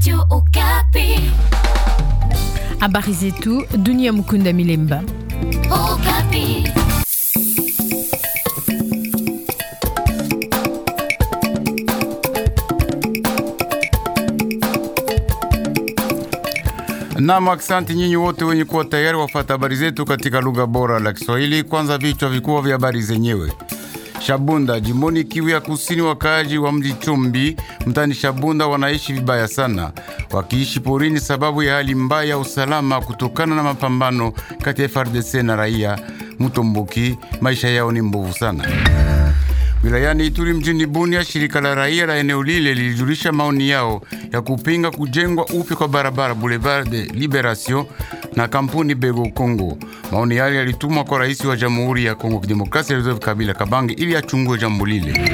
Radio Okapi. Habari zetu dunia mukunda milemba. Okapi. Nam, aksanti nyinyi wote wenye kuwa tayari wafata habari zetu katika lugha bora la Kiswahili. Kwanza vichwa vikubwa vya habari zenyewe. Shabunda jimboni Kivu ya Kusini. Wakaaji wa mji Chumbi mtani Shabunda wanaishi vibaya sana, wakiishi porini sababu ya hali mbaya ya usalama kutokana na mapambano kati ya FARDC na raia Mutomboki. Maisha yao ni mbovu sana. Wilayani Ituri mjini Bunia, shirika la raia la eneo lile lilijulisha maoni yao ya kupinga kujengwa upya kwa barabara Boulevard de Liberation na kampuni Bego Kongo. Maoni yale yalitumwa kwa rais wa Jamhuri ya Kongo Kidemokrasia Joseph Kabila Kabange ili achungue jambo lile.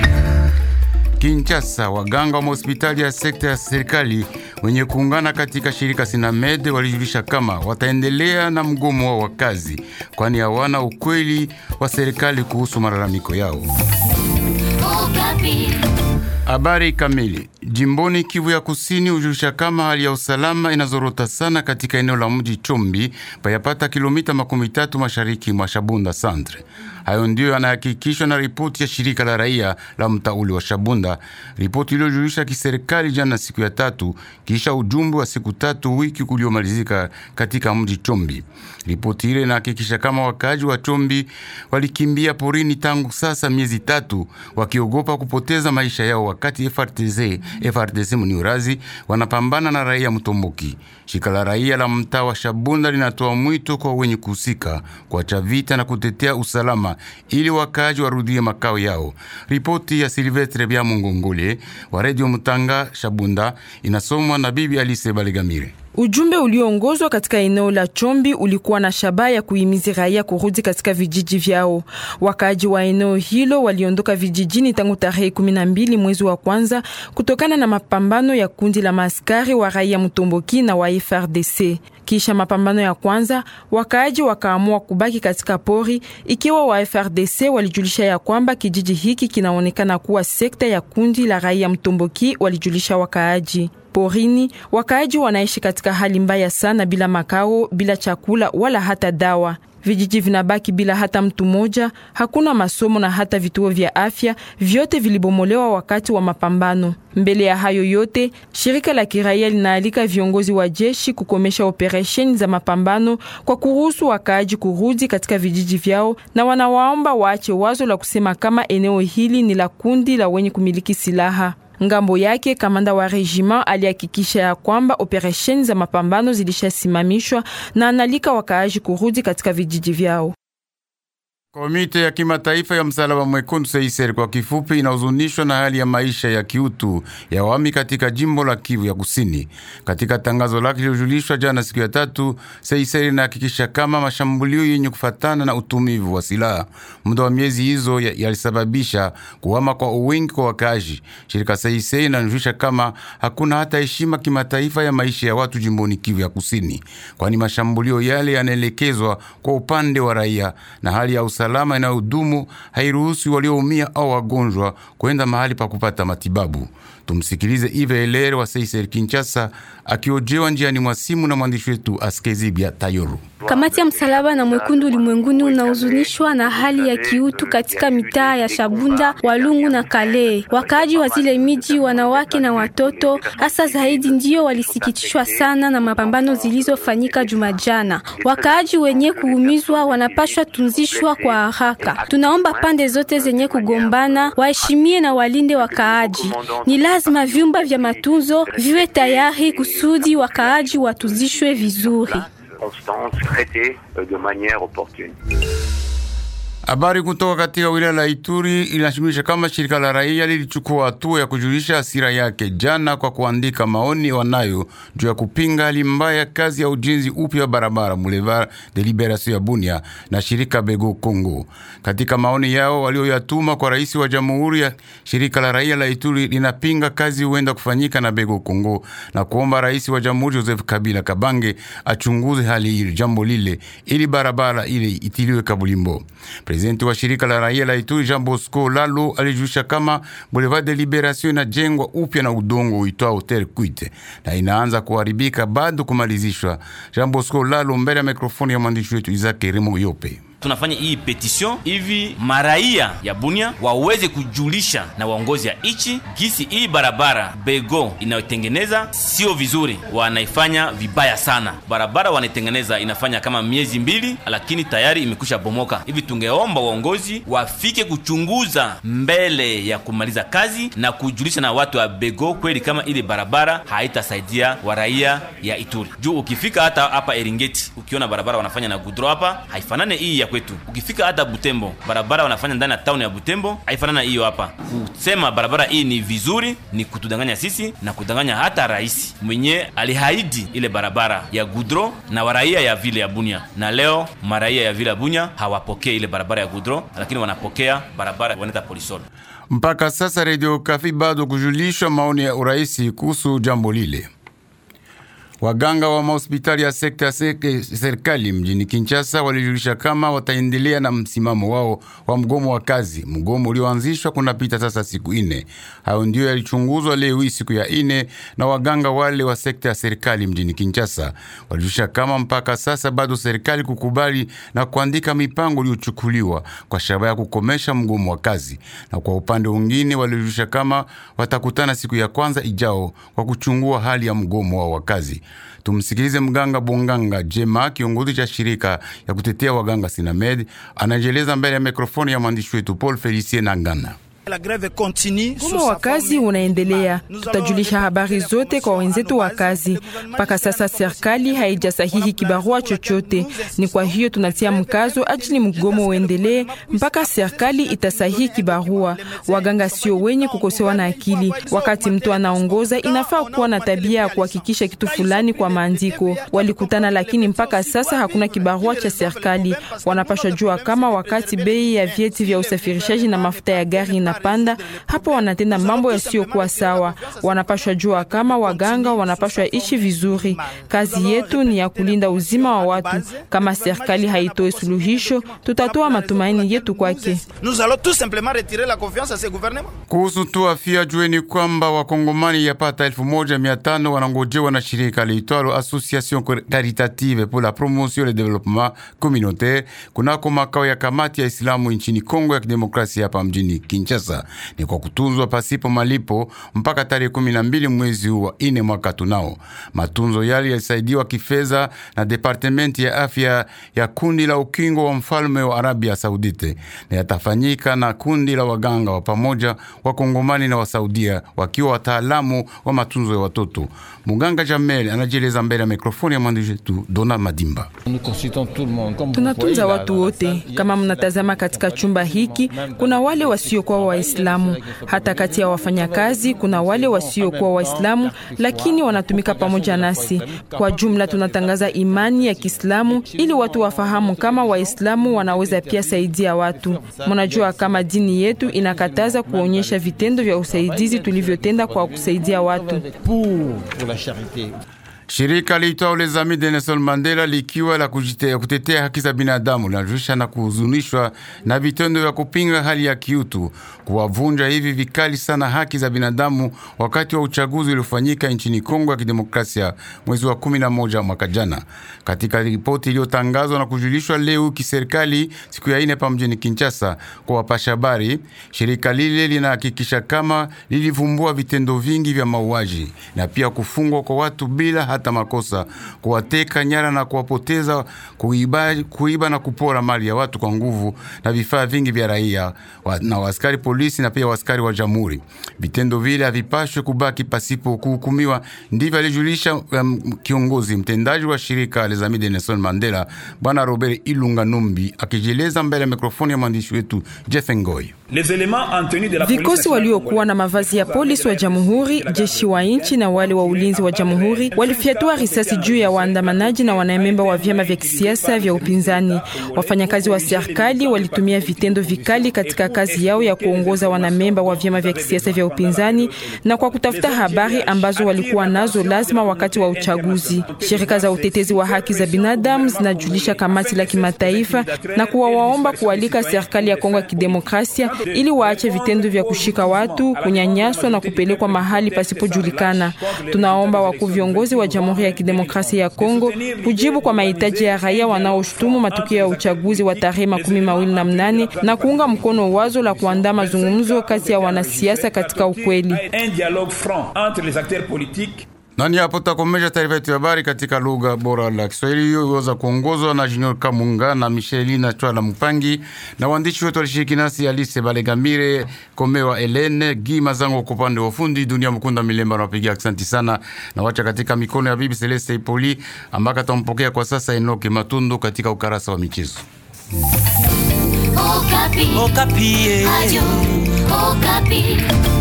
Kinshasa, waganga wa mahospitali ya sekta ya serikali wenye kuungana katika shirika Sinamed walijulisha kama wataendelea na mgomo wao wa kazi, kwani hawana ukweli wa serikali kuhusu malalamiko yao. Oh, Habari kamili Jimboni Kivu ya Kusini ujusha kama hali ya usalama inazorota sana katika eneo la mji Chombi, payapata kilomita makumi tatu mashariki mwa Shabunda Centre. Hayo ndiyo yanahakikishwa na ripoti ya shirika la raia la mtauli wa Shabunda, ripoti iliyojulisha kiserikali jana siku ya tatu, kisha ujumbe wa siku tatu wiki uliomalizika katika mji Chombi. Ripoti ile inahakikisha kama wakaji wa Chombi walikimbia porini tangu sasa miezi tatu, wakiogopa kupoteza maisha yao wakati FRTZ FRDC Munyurazi wanapambana na raia Mtomboki. Shirika la raia la mtaa wa Shabunda linatoa mwito kwa wenye kuhusika kuacha vita na kutetea usalama ili wakaaji warudie makao yao. Ripoti ya Silvestre Bya Mungongole wa Radio Mutanga Shabunda inasomwa na Bibi Alise Baligamire. Ujumbe ulioongozwa katika eneo la Chombi ulikuwa na shabaha ya kuhimiza raia kurudi katika vijiji vyao. Wakaaji wa eneo hilo waliondoka vijijini tangu tarehe 12 mwezi wa kwanza kutokana na mapambano ya kundi la maaskari wa raia Mutomboki na wa FRDC. Kisha mapambano ya kwanza, wakaaji wakaamua kubaki katika pori, ikiwa wa FRDC walijulisha ya kwamba kijiji hiki kinaonekana kuwa sekta ya kundi la raia Mtomboki, walijulisha wakaaji porini wakaaji wanaishi katika hali mbaya sana, bila makao, bila chakula wala hata dawa vijiji vinabaki bila hata mtu mmoja, hakuna masomo na hata vituo vya afya vyote vilibomolewa wakati wa mapambano. Mbele ya hayo yote, shirika la kiraia linaalika viongozi wa jeshi kukomesha operesheni za mapambano kwa kuruhusu wakaaji kurudi katika vijiji vyao, na wanawaomba waache wazo la kusema kama eneo hili ni la kundi la wenye kumiliki silaha. Ngambo yake kamanda wa regiment alihakikisha ya kwamba operesheni za mapambano zilishasimamishwa na analika wakaaji kurudi katika vijiji vyao. Komite ya kimataifa ya msalaba mwekundu Seiser kwa kifupi inahuzunishwa na hali ya maisha ya kiutu ya wami katika jimbo la Kivu ya Kusini. Katika tangazo lake lililojulishwa jana siku ya tatu, Seiser inahakikisha kama mashambulio yenye kufatana na utumivu wa silaha muda wa miezi hizo yalisababisha kuhama kwa uwingi kwa wakazi. Shirika Seiser inanunisha kama hakuna hata heshima kimataifa ya maisha ya watu jimboni Kivu ya Kusini, kwani mashambulio yale yanaelekezwa kwa upande wa raia na hali ya usalama salama inayodumu hairuhusu walioumia au wagonjwa kwenda mahali pa kupata matibabu. Tumsikilize Ive Elere wa Seiser Kinshasa akiojewa njiani mwa simu na mwandishi wetu Askezibia Tayoru. Kamati ya msalaba na mwekundu ulimwenguni unahuzunishwa na hali ya kiutu katika mitaa ya Shabunda, Walungu na Kale. Wakaaji wa zile miji, wanawake na watoto hasa zaidi, ndio walisikitishwa sana na mapambano zilizofanyika Jumajana. Wakaaji wenye kuumizwa wanapashwa tunzishwa kwa haraka. Tunaomba pande zote zenye kugombana waheshimie na walinde wakaaji. Ni lazima vyumba vya matunzo viwe tayari kusudi wakaaji watuzishwe vizuri. Habari kutoka katika wilaya la Ituri inashimisha kama shirika la raia lilichukua hatua ya kujulisha hasira yake jana kwa kuandika maoni wanayo juu ya kupinga hali mbaya kazi ya ujenzi upya wa barabara Boulevard de Liberation ya Bunia na shirika Bego Kongo. Katika maoni yao walioyatuma kwa rais wa jamhuri ya shirika la raia la Ituri linapinga kazi huenda kufanyika na Bego Kongo na kuomba rais wa jamhuri Joseph Kabila Kabange achunguze hali ile jambo lile ili barabara ile itiliwe Kabulimbo. Prezidenti wa shirika la raia la Ituri Jean Bosco Lalo alijulisha kama Boulevard de Liberation inajengwa upya na udongo uitwa Hotel Quite na inaanza kuharibika bado kumalizishwa. Jean Bosco Lalo mbele ya mikrofoni ya mwandishi wetu Isaac Remo Yope tunafanya hii petition hivi maraia ya Bunia waweze kujulisha na waongozi ya ichi gisi hii barabara Bego inayotengeneza sio vizuri, wanaifanya vibaya sana. Barabara wanaitengeneza inafanya kama miezi mbili, lakini tayari imekwisha bomoka. Hivi tungeomba waongozi wafike kuchunguza mbele ya kumaliza kazi na kujulisha na watu wa Bego kweli kama ile barabara haitasaidia waraia ya Ituri juu ukifika hata hapa Eringeti ukiona barabara wanafanya na gudro hapa haifanane hii ya kwetu. Ukifika hata Butembo, barabara wanafanya ndani ya town ya Butembo haifanana hiyo hapa. Kusema barabara hii ni vizuri ni kutudanganya sisi na kudanganya hata rais mwenye alihaidi ile barabara ya gudro na waraia ya vile ya Bunya, na leo maraia ya vile ya Bunya hawapokee ile barabara ya gudro, lakini wanapokea barabara wanaita polisol. Mpaka sasa Radio Kafi bado kujulisha maoni ya uraisi kuhusu jambo lile. Waganga wa mahospitali ya sekta ya serikali mjini Kinshasa walijulisha kama wataendelea na msimamo wao wa mgomo wa kazi, mgomo ulioanzishwa kunapita sasa siku ine. Hayo ndio yalichunguzwa leo hii siku ya ine na waganga wale wa sekta ya serikali mjini Kinshasa. Walijulisha kama mpaka sasa bado serikali kukubali na kuandika mipango iliyochukuliwa kwa shabaha ya kukomesha mgomo wa kazi, na kwa upande mwingine walijulisha kama watakutana siku ya kwanza ijao kwa kuchungua hali ya mgomo wao wa kazi. Tumsikilize mganga Bonganga Jema, kiongozi cha shirika ya kutetea waganga Sinamed, anajeleza mbele ya mikrofoni ya mwandishi wetu Paul Felicien Nangana. Mgomo wa kazi unaendelea. Tutajulisha habari zote kwa wenzetu wa kazi. Mpaka sasa serikali haijasahihi kibarua chochote, ni kwa hiyo tunatia mkazo ajili mgomo uendelee mpaka serikali itasahihi kibarua. Waganga sio wenye kukosewa na akili. Wakati mtu anaongoza, inafaa kuwa na tabia ya kuhakikisha kitu fulani kwa maandiko. Walikutana, lakini mpaka sasa hakuna kibarua cha serikali. Wanapashwa jua kama wakati bei ya vyeti vya usafirishaji na mafuta ya gari na wanapanda hapo, wanatenda mambo yasiyokuwa sawa. Wanapashwa jua kama waganga wanapashwa ishi vizuri. Kazi yetu ni ya kulinda uzima wa watu. Kama serikali haitoe suluhisho, tutatoa matumaini yetu kwake. Kuhusu tu afya, jueni kwamba wakongomani yapata elfu moja mia tano wanangojewa na shirika liitwalo Association Caritative pour la Promotion et le Développement Communautaire kunako makao ya kamati ya Islamu nchini Kongo ya Kidemokrasia hapa mjini Kinshasa sasa ni kwa kutunzwa pasipo malipo mpaka tarehe 12 mwezi huu wa ine mwaka tunao. Matunzo yale yalisaidiwa kifedha na departementi ya afya ya kundi la ukingo wa mfalme wa Arabia Saudite, na yatafanyika na kundi la waganga wa pamoja wa Kongomani na Wasaudia wakiwa wataalamu wa matunzo ya watoto. Muganga Jamel anajieleza mbele ya mikrofoni ya mwandishi wetu Dona Madimba. Tunatunza watu wote kama mnatazama katika chumba hiki, kuna wale wasiokuwa Waislamu. Hata kati ya wafanyakazi kuna wale wasiokuwa Waislamu, lakini wanatumika pamoja nasi. Kwa jumla, tunatangaza imani ya Kiislamu ili watu wafahamu kama Waislamu wanaweza pia saidia watu. Mnajua kama dini yetu inakataza kuonyesha vitendo vya usaidizi tulivyotenda kwa kusaidia watu. Shirika liitwa Lezami de Nelson Mandela likiwa la kujitea, kutetea haki za binadamu linajulisha na kuhuzunishwa na vitendo vya kupinga hali ya kiutu, kuwavunja hivi vikali sana haki za binadamu wakati wa uchaguzi uliofanyika nchini Kongo ya Kidemokrasia mwezi wa 11 mwaka jana. Katika ripoti iliyotangazwa na kujulishwa leo kiserikali siku ya ine pa mjini Kinshasa kwa wapasha habari, shirika lile linahakikisha kama lilivumbua vitendo vingi vya mauaji na pia kufungwa kwa watu bila hata makosa, kuwateka nyara na kuwapoteza, kuiba, kuiba na kupora mali ya watu kwa nguvu na vifaa vingi vya raia wa, na waskari polisi na pia waskari wa jamhuri. Vitendo vile havipashwe kubaki pasipo kuhukumiwa, ndivyo alijulisha um, kiongozi mtendaji wa shirika la Zamidi Nelson Mandela Bwana Robert Ilunga Numbi akijieleza mbele ya mikrofoni ya mwandishi wetu Jeff Ngoi. Vikosi waliokuwa na mavazi ya polisi wa jamhuri, jeshi wa nchi na wale wa ulinzi wa jamhuri walifika wamefyatua risasi juu ya waandamanaji na wanamemba wa vyama vya kisiasa vya upinzani. Wafanyakazi wa serikali walitumia vitendo vikali katika kazi yao ya kuongoza wanamemba wa vyama vya kisiasa vya upinzani na kwa kutafuta habari ambazo walikuwa nazo lazima wakati wa uchaguzi. Shirika za utetezi wa haki za binadamu zinajulisha kamati la kimataifa na kuwawaomba kualika serikali ya Kongo ya Kidemokrasia ili waache vitendo vya kushika watu, kunyanyaswa na kupelekwa mahali pasipojulikana. Tunaomba wakuu viongozi wa Jamhuri ya Kidemokrasia ya Kongo kujibu kwa mahitaji ya raia wanaoshutumu matukio ya uchaguzi wa tarehe makumi mawili na mnane na kuunga mkono wazo la kuandaa mazungumzo kati ya wanasiasa katika ukweli. Nani hapo takomesha taarifa yetu ya habari katika lugha bora la Kiswahili hiyo iweza kuongozwa na Junior Kamunga na Michelina Chwala Mpangi na waandishi wetu walishiriki nasi Alice Balegamire, Komewa Elene, Gima Zango kwa upande wa fundi Dunia Mkunda Milemba anapigia asante sana na wacha katika mikono ya Bibi Celeste Ipoli ambaka tampokea kwa sasa Enoke Matundu katika ukarasa wa michezo. Okapi. Okapi. Eh. Okapi.